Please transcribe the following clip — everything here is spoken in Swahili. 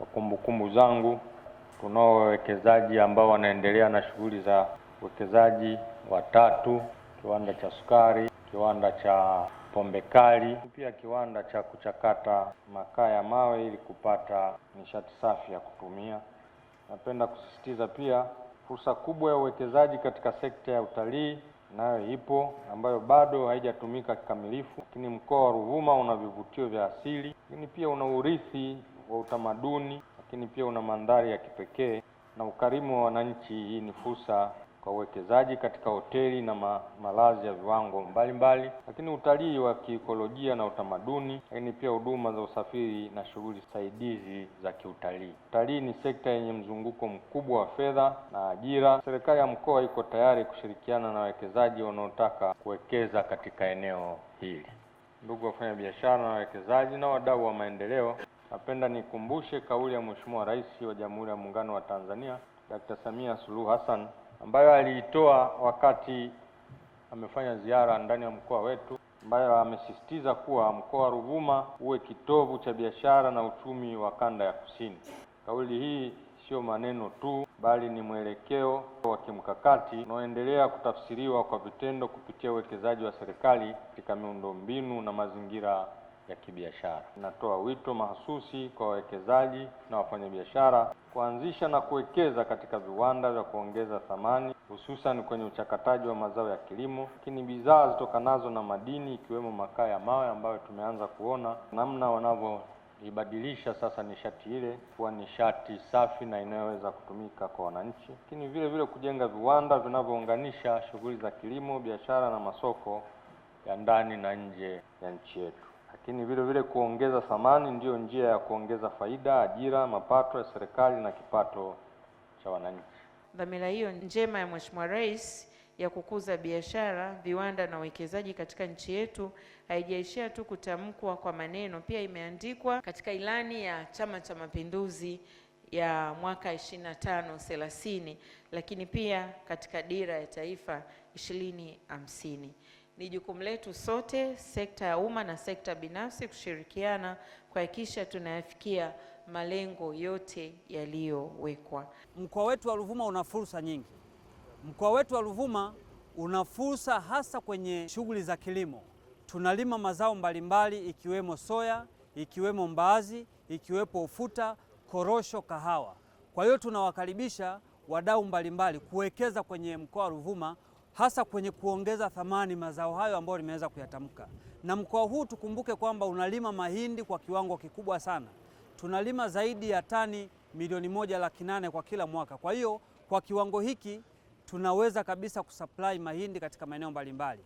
kwa kumbukumbu zangu, tunao wawekezaji ambao wanaendelea na shughuli za uwekezaji watatu, kiwanda cha sukari, kiwanda cha pombe kali, pia kiwanda cha kuchakata makaa ya mawe ili kupata nishati safi ya kutumia. Napenda kusisitiza pia fursa kubwa ya uwekezaji katika sekta ya utalii nayo ipo ambayo bado haijatumika kikamilifu, lakini mkoa wa Ruvuma una vivutio vya asili, lakini pia una urithi wa utamaduni, lakini pia una mandhari ya kipekee na ukarimu wa wananchi. Hii ni fursa kwa uwekezaji katika hoteli na ma malazi ya viwango mbalimbali mbali, lakini utalii wa kiikolojia na utamaduni, lakini pia huduma za usafiri na shughuli saidizi za kiutalii. Utalii ni sekta yenye mzunguko mkubwa wa fedha na ajira. Serikali ya mkoa iko tayari kushirikiana na wawekezaji wanaotaka kuwekeza katika eneo hili. Ndugu wafanyabiashara na wawekezaji na wadau wa maendeleo, Napenda nikumbushe kauli ya Mheshimiwa Rais wa Jamhuri ya Muungano wa Tanzania Dr. Samia Suluhu Hassan ambayo aliitoa wakati amefanya ziara ndani ya mkoa wetu, ambayo amesisitiza kuwa mkoa wa Ruvuma uwe kitovu cha biashara na uchumi wa kanda ya Kusini. Kauli hii sio maneno tu, bali ni mwelekeo wa kimkakati unaoendelea kutafsiriwa kwa vitendo kupitia uwekezaji wa serikali katika miundombinu na mazingira ya kibiashara. Natoa wito mahususi kwa wawekezaji na wafanyabiashara kuanzisha na kuwekeza katika viwanda vya kuongeza thamani, hususan kwenye uchakataji wa mazao ya kilimo, lakini bidhaa zitokanazo na madini ikiwemo makaa ya mawe ambayo tumeanza kuona namna wanavyo ibadilisha sasa nishati ile kuwa nishati safi na inayoweza kutumika kwa wananchi, lakini vile vile kujenga viwanda vinavyounganisha shughuli za kilimo, biashara na masoko ya ndani na nje ya nchi yetu lakini vile vile kuongeza thamani ndiyo njia ya kuongeza faida, ajira, mapato ya serikali na kipato cha wananchi. Dhamira hiyo njema ya Mheshimiwa Rais ya kukuza biashara, viwanda na uwekezaji katika nchi yetu haijaishia tu kutamkwa kwa maneno, pia imeandikwa katika ilani ya Chama cha Mapinduzi ya mwaka 25 30, lakini pia katika dira ya taifa 2050. Ni jukumu letu sote, sekta ya umma na sekta binafsi, kushirikiana kuhakikisha tunayafikia malengo yote yaliyowekwa. Mkoa wetu wa Ruvuma una fursa nyingi. Mkoa wetu wa Ruvuma una fursa hasa kwenye shughuli za kilimo. Tunalima mazao mbalimbali ikiwemo soya, ikiwemo mbaazi, ikiwepo ufuta, korosho, kahawa. Kwa hiyo tunawakaribisha wadau mbalimbali kuwekeza kwenye mkoa wa Ruvuma hasa kwenye kuongeza thamani mazao hayo ambayo nimeweza kuyatamka. Na mkoa huu tukumbuke kwamba unalima mahindi kwa kiwango kikubwa sana, tunalima zaidi ya tani milioni moja laki nane kwa kila mwaka. Kwa hiyo kwa kiwango hiki tunaweza kabisa kusupply mahindi katika maeneo mbalimbali.